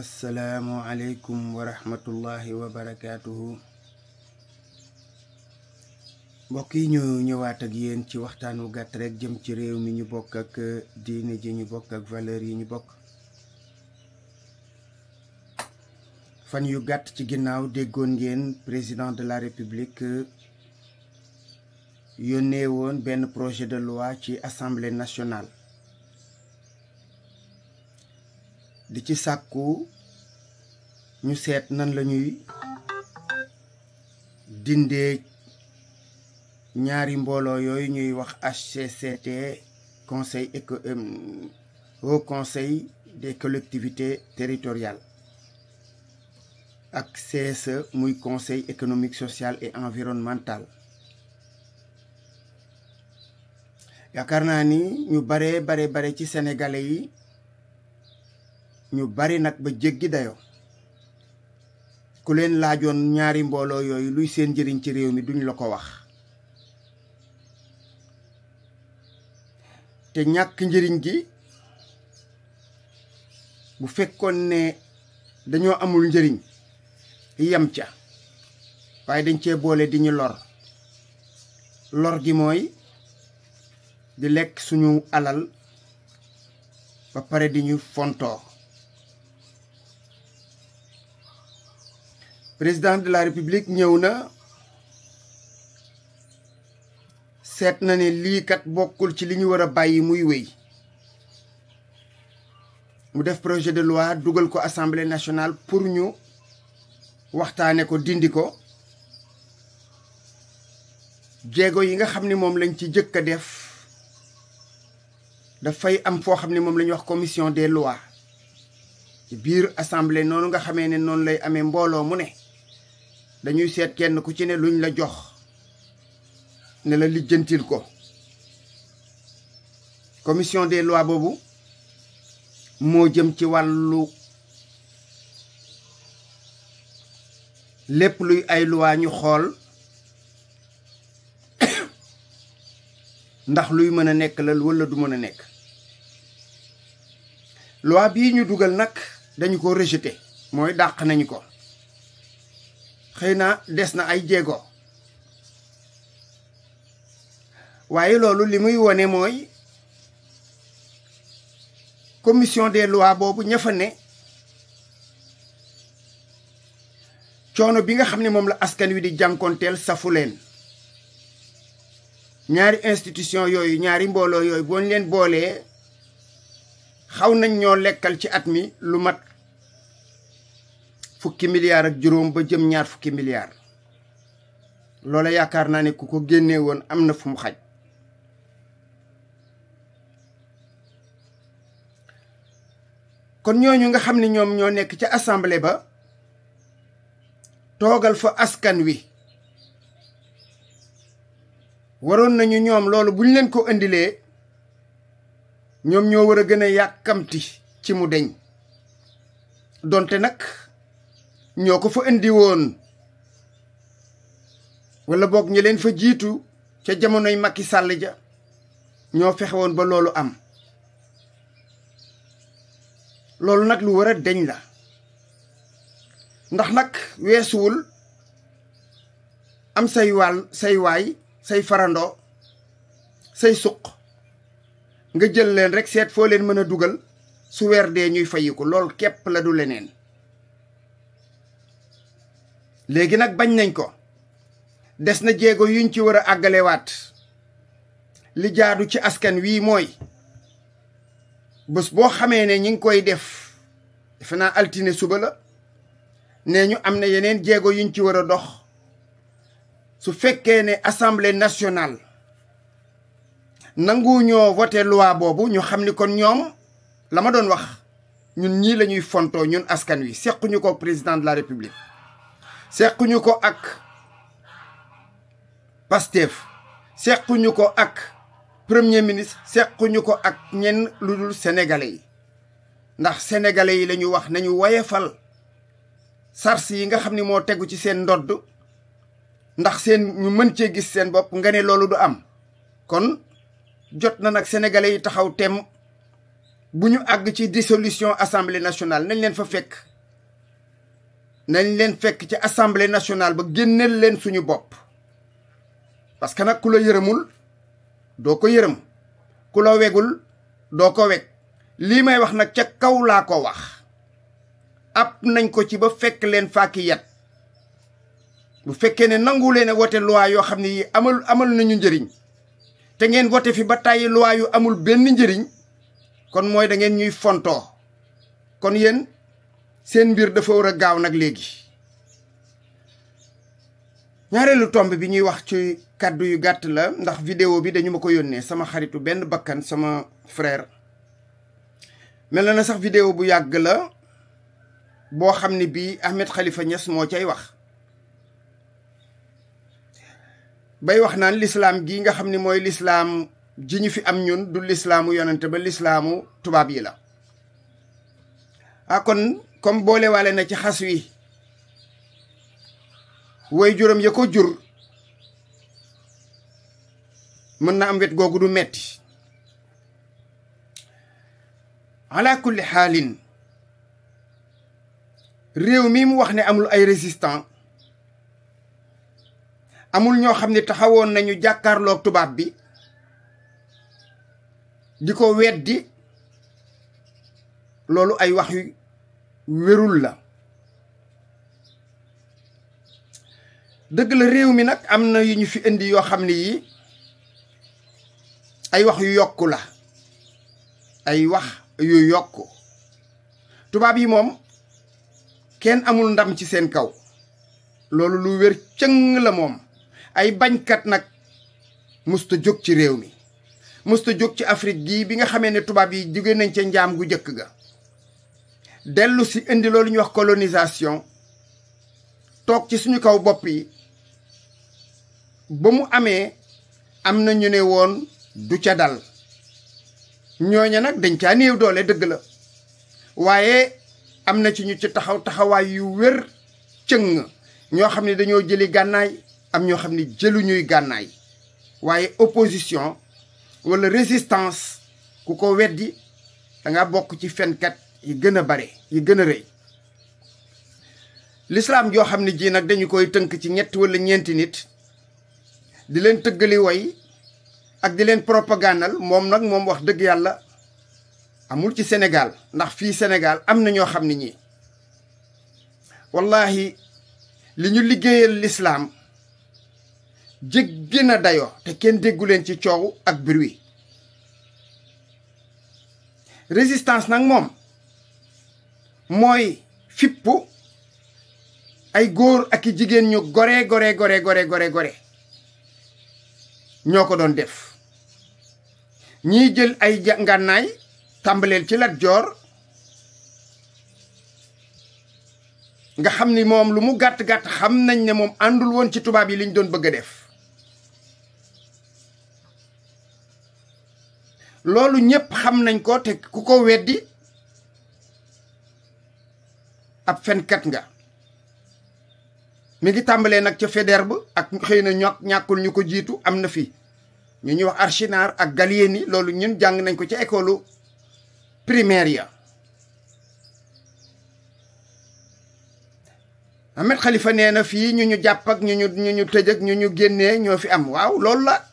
asalaamualeykum wa rahmatullahi wa barakaatuhu mbokk yi ñu ñëwaat ak yéen ci waxtaan wu gàtt rek jëm ci réew mi ñu bokk ak euh, diine ji ñu bokk ak valeur yi ñu bokk fan yu gàtt ci ginnaaw déggoon ngeen président de la république euh, yónnee woon benn projet de loi ci assemblée nationale di ci sàkku ñu seet nan lañuy ñuy dindee ñaari mbooloo yooyu ñuy wax HCCT conseil éco euh, conseil des collectivité territoriales ak CSE muy conseil économique sociale et environnemental yaakaar naa ni ñu bare bare bare ci sénégalais yi ñu bari nag ba jéggi dayoo ku leen laajoon ñaari mbooloo yooyu luy seen njëriñ ci réew mi duñ la ko wax te ñàkk njëriñ gi bu fekkoon ne dañoo amul njëriñ yem ca waaye dañ cee boole di ñu lor lor gi mooy di lekk suñu alal ba pare di ñu fontoo président de la république ñëw na seet na ne liikat bokkul ci li ñu war a bàyyi muy wéy mu def projet de loi dugal ko assemblée nationale pour ñu waxtaane ko dindi ko jéego yi nga xam ni moom lañ ci jëkk a def dafay am foo xam ne moom la ñuy wax commission des lois ci biir assemblée noonu nga xamee ne noonu lay amee mbooloo mu ne dañuy seet kenn ku ci ne luñ la jox ne la lijjantil ko commission des lois boobu moo jëm ci wàllu lépp luy ay loi ñu xool ndax luy mën a nekk la wala du mën a nekk loi bii ñu dugal nag dañu ko rejeté mooy dàq nañu ko xëy na des na ay jéego waaye loolu li muy wone mooy commission des lois boobu ña ne coono bi nga xam ne moom la askan wi di jànkonteel safu leen ñaari institution yooyu ñaari mbooloo yooyu booñ leen boolee xaw nañ ñoo lekkal ci at mi lu mat fukki milliards ak juróom ba jëm ñaar fukki milliards loola yaakaar naa ne ku ko génnee woon am na fu mu xaj kon ñooñu nga xam ni ñoom ñoo nekk ca assemblée ba toogal fa askan wi waroon nañu ñoom loolu buñ leen ko indilee ñoom ñoo war a gën a yàkkamti ci mu deñ donte nag ñoo ko fa indi woon wala boog ñi leen fa jiitu ca jamonoy Macky sàll ja ñoo fexewoon ba loolu am loolu nag lu war a deñ la ndax nag weesuwul am say waay say farandoo say suq nga jël leen rek seet foo leen mën a dugal su weer dee ñuy fayiku lool képp la du leneen léegi nag bañ nañ ko des na jéego yuñ ci war a àggalewaat li jaadu ci askan wii mooy bés boo xamee ne ñi ngi koy def defe naa altine suba la nee ñu am na yeneen jéego yuñ ci war a dox su fekkee ne assamble nationale nangu ñoo voté loi boobu ñu xam ni kon ñoom la ma doon wax ñun ñii lañuy ñuy fontoo ñun askan wi sequñu ko président de la république sequñu ko ak Pastef sequñu ko ak premier ministre sequñu ko ak ñenn lu dul sénégalais yi ndax sénégalais yi la wax nañu fal sars yi nga xam ni moo tegu ci seen ndodd ndax seen ñu mën cee gis seen bopp nga ne loolu du am kon jot na nag sénégalais yi taxaw tem bu ñu àgg ci dissolution assemblée nationale nañ leen fa fekk nañ leen fekk ci assemblée nationale ba génneel leen suñu bopp parce que nag ku la yërëmul doo ko yërëm ku la wegul doo ko weg lii may wax nag ca kaw laa ko wax ab nañ ko ci ba fekk leen fàkki yat bu fekkee ne nangu leen a wote loi yoo xam ne yi amal amal nañu njëriñ te ngeen wote fi ba tàyyi loi yu amul benn njëriñ kon mooy da ngeen ñuy fontoo kon yéen seen mbir dafa war a gaaw nag léegi ñaareelu tomb bi ñuy wax ci kàddu yu gàtt la ndax vidéo bi dañu ma ko yónnee sama xaritu benn bakkan sama freer mel na sax vidéo bu yàgg la boo xam ni bii Ahmed xalifa ñas moo cay wax bay wax naan lislaam gi nga xam ni mooy lislaam ji ñu fi am ñun du lislaamu yonante ba lislaamu tubaab yi la ah comme boole boolewaale na ci xas wi woy juróom ya ko jur mën na am wet googu du metti ala kulli xaalin réew mi mu wax ne amul ay résistant amul ñoo xam ni taxawoon nañu jàkkaarloog tubaab bi di ko weddi loolu ay wax wérul la dëgg la réew mi nag am na yu ñu fi indi yoo xam ni yi ay wax yu yokku la ay wax yu yokk tubaab yi moom kenn amul ndam ci seen kaw loolu lu wér cëng la moom ay bañkat nag musta jóg ci réew mi musta jóg ci Afrique gii bi nga xamee ne tubaab yi jóge nañ ca njaam gu jëkk ga dellu si indi loolu ñuy wax colonisation toog ci suñu kaw bopp yi ba mu amee am na ñu ne woon du ca dal ñooña nag dañ caa néew doole dëgg la waaye am na ci ñu ci taxaw taxawaay yu wér cëng ñoo xam ne dañoo jëli gànnaay am ñoo xam ne jëluñuy gànnaay waaye opposition walla résistance ku ko weddi da nga bokk ci fenkat yi gën a bare yi gën a rëy lislaam joo xam ne ji nag dañu koy tënk ci ñett wala ñeenti nit di leen tëggali woy ak di leen propagandal moom nag moom wax dëgg yàlla amul ci Sénégal ndax fii senegaal am na ñoo xam ne ñii wallahi li ñu liggéeyal lislaam jéggi na dayoo te kenn dégguleen ci coow ak birwi résistance nag moom mooy fippu ay góor ak i jigéen ñu gore gore gore gore gore gore ñoo ko doon def ñii jël ay ngànnaay tàmbaleel ci Lat Joor nga xam ni moom lu mu gàtt-gàtt xam nañ ne moom àndul woon ci tubaab yi liñ doon bëgg a def loolu ñépp xam nañ ko te ku ko weddi ab fenkat nga mi ngi tàmbalee nag ca Faidherbe ba ak xëy na ñàkkul ñu ko jiitu am na fi ñu ñuy wax Archinard ak Gallieni loolu ñun jàng nañ ko ca école primaire ya Ahmed xalifa nee na fii ñu ñu jàpp ñu ñu ñu ñu tëj ak ñu ñu génnee ñoo fi am waaw loolu la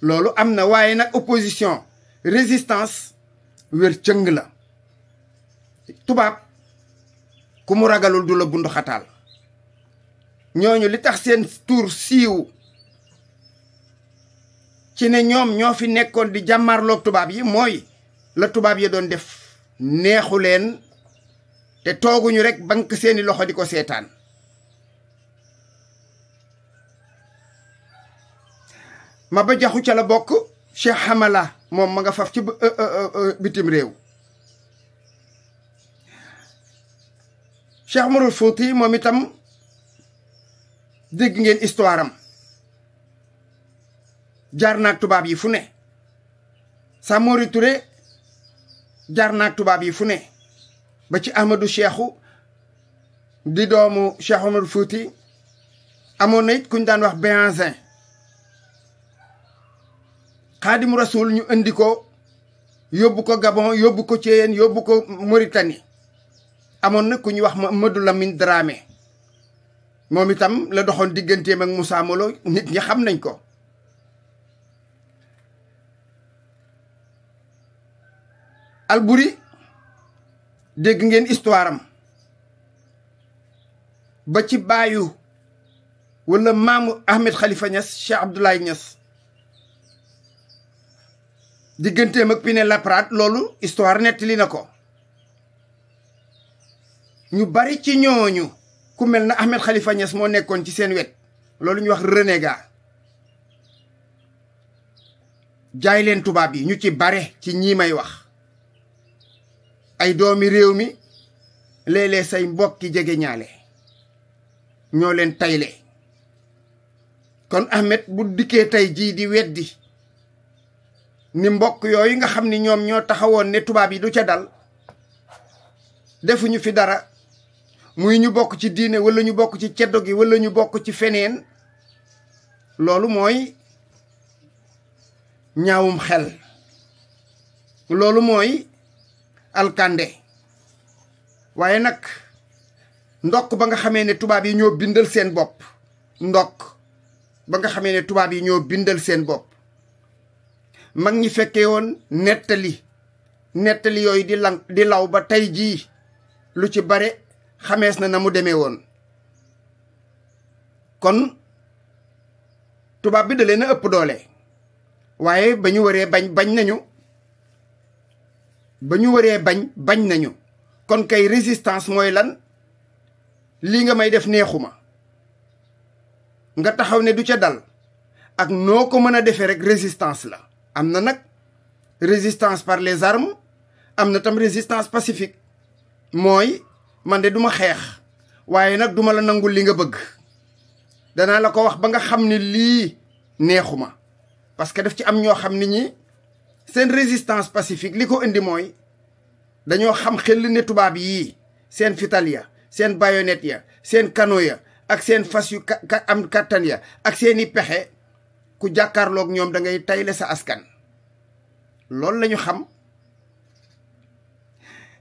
loolu am na waaye nag opposition résistance wér cëng la tubaab ku mu ragalul du la bundu ñooñu li tax seen tur siiw ci ne ñoom ñoo fi nekkoon di jàmmarloog tubaab yi mooy la tubaab yi doon def neexu leen te tooguñu rek bank seeni loxo di ko seetaan ma ba jaxu ca la bokk Cheikh Hamala moom ma nga faf ci euh, euh, euh, bitim réew Cheikh Umarul Fouti moom itam dégg ngeen histoire am jaar tubaab yi fu ne Samori Touré jaar naag tubaab yi fu ne ba ci Ahmadou Cheikhou di doomu Cheikh Umarul Fouti amoon na it kuñ daan wax Béhanzin Xaadimu Rasul ñu indi ko yóbbu ko Gabon yóbbu ko Thiéyène yóbbu ko Mauritanie amoon na ku ñuy wax Mamadou Lamine Dramé moom itam la doxoon digganteem ak Moussa Molo nit ñi xam nañ ko alburi dégg ngeen histoire ba ci baayu wala maamu Ahmed Khalifa Niass Cheikh Abdoulaye Niass digganteem ak Pinet Laprade loolu histoire nettali na ko ñu bari ci ñooñu ku mel na Ahmed Khalifa ñees moo nekkoon ci seen wet loolu ñu wax renégat jaay leen tubaab yi ñu ci bare ci ñii may wax ay doomi réew mi léeg-léeg say mbokki jege ñaale ñoo leen tayle kon Ahmed bu dikkee tey jii di di ni mbokk yooyu nga xam ni ñoom ñoo taxawoon ne tubaab yi du ca dal defuñu fi dara muy ñu bokk ci diine walla ñu bokk ci ceddo gi wala ñu bokk ci feneen loolu mooy ñaawum xel loolu mooy alkande waaye nag ndokk ba nga xamee ne tubaab yi ñoo bindal seen bopp ndokk ba nga xamee ne tubaab yi ñoo bindal seen bopp mag ñi fekkewoon woon nettali nettali yooyu di law ba tey jii lu ci bare xamees na na mu demee woon kon tubaab bi dalee na a ëpp doole waaye ba ñu waree bañ bañ nañu ba ñu waree bañ bañ nañu kon kay résistance mooy lan lii nga may def neexuma nga taxaw ne du ca dal ak noo ko mën a defee rek résistance la am na nag résistance par les armes am na tam résistance pacifique mooy man de duma xeex waaye nag duma la nangu li nga bëgg danaa la ko wax ba nga xam ne lii neexuma parce que daf ci am ñoo xam ni ñi seen résistance pacifique li ko indi mooy dañoo xam xel ne tubaab yii seen fital ya seen bayonet ya seen kano ya ak seen fas yu am kattan ya ak seeni pexe ku jàkkaarloog ñoom da ngay tayle sa askan loolu lañu xam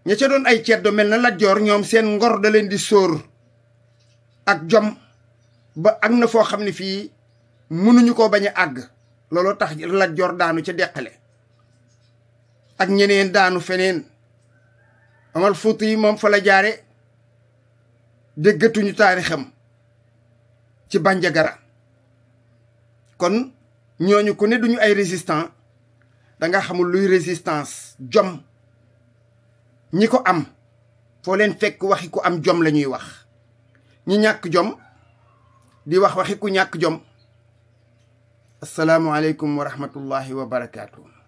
ña ca doon ay ceddo mel na Lat Joor ñoom seen ngor da leen di sóor ak jom ba ak na foo xam ne fii mënuñu ko bañ a àgg looloo tax Lat Joor daanu ca deqale ak ñeneen daanu feneen amal fuuti yi moom fa la jaare déggatuñu taarixam ci Bandiagara kon ñooñu ku ne duñu ay résistant danga xamul luy résistance jom ñi ko am foo leen fekk waxiku am jom la ñuy wax ñi ñàkk jom di wax waxi ku ñàkk jom asalaamualeykum wa rahmatullahi wa barakaatu.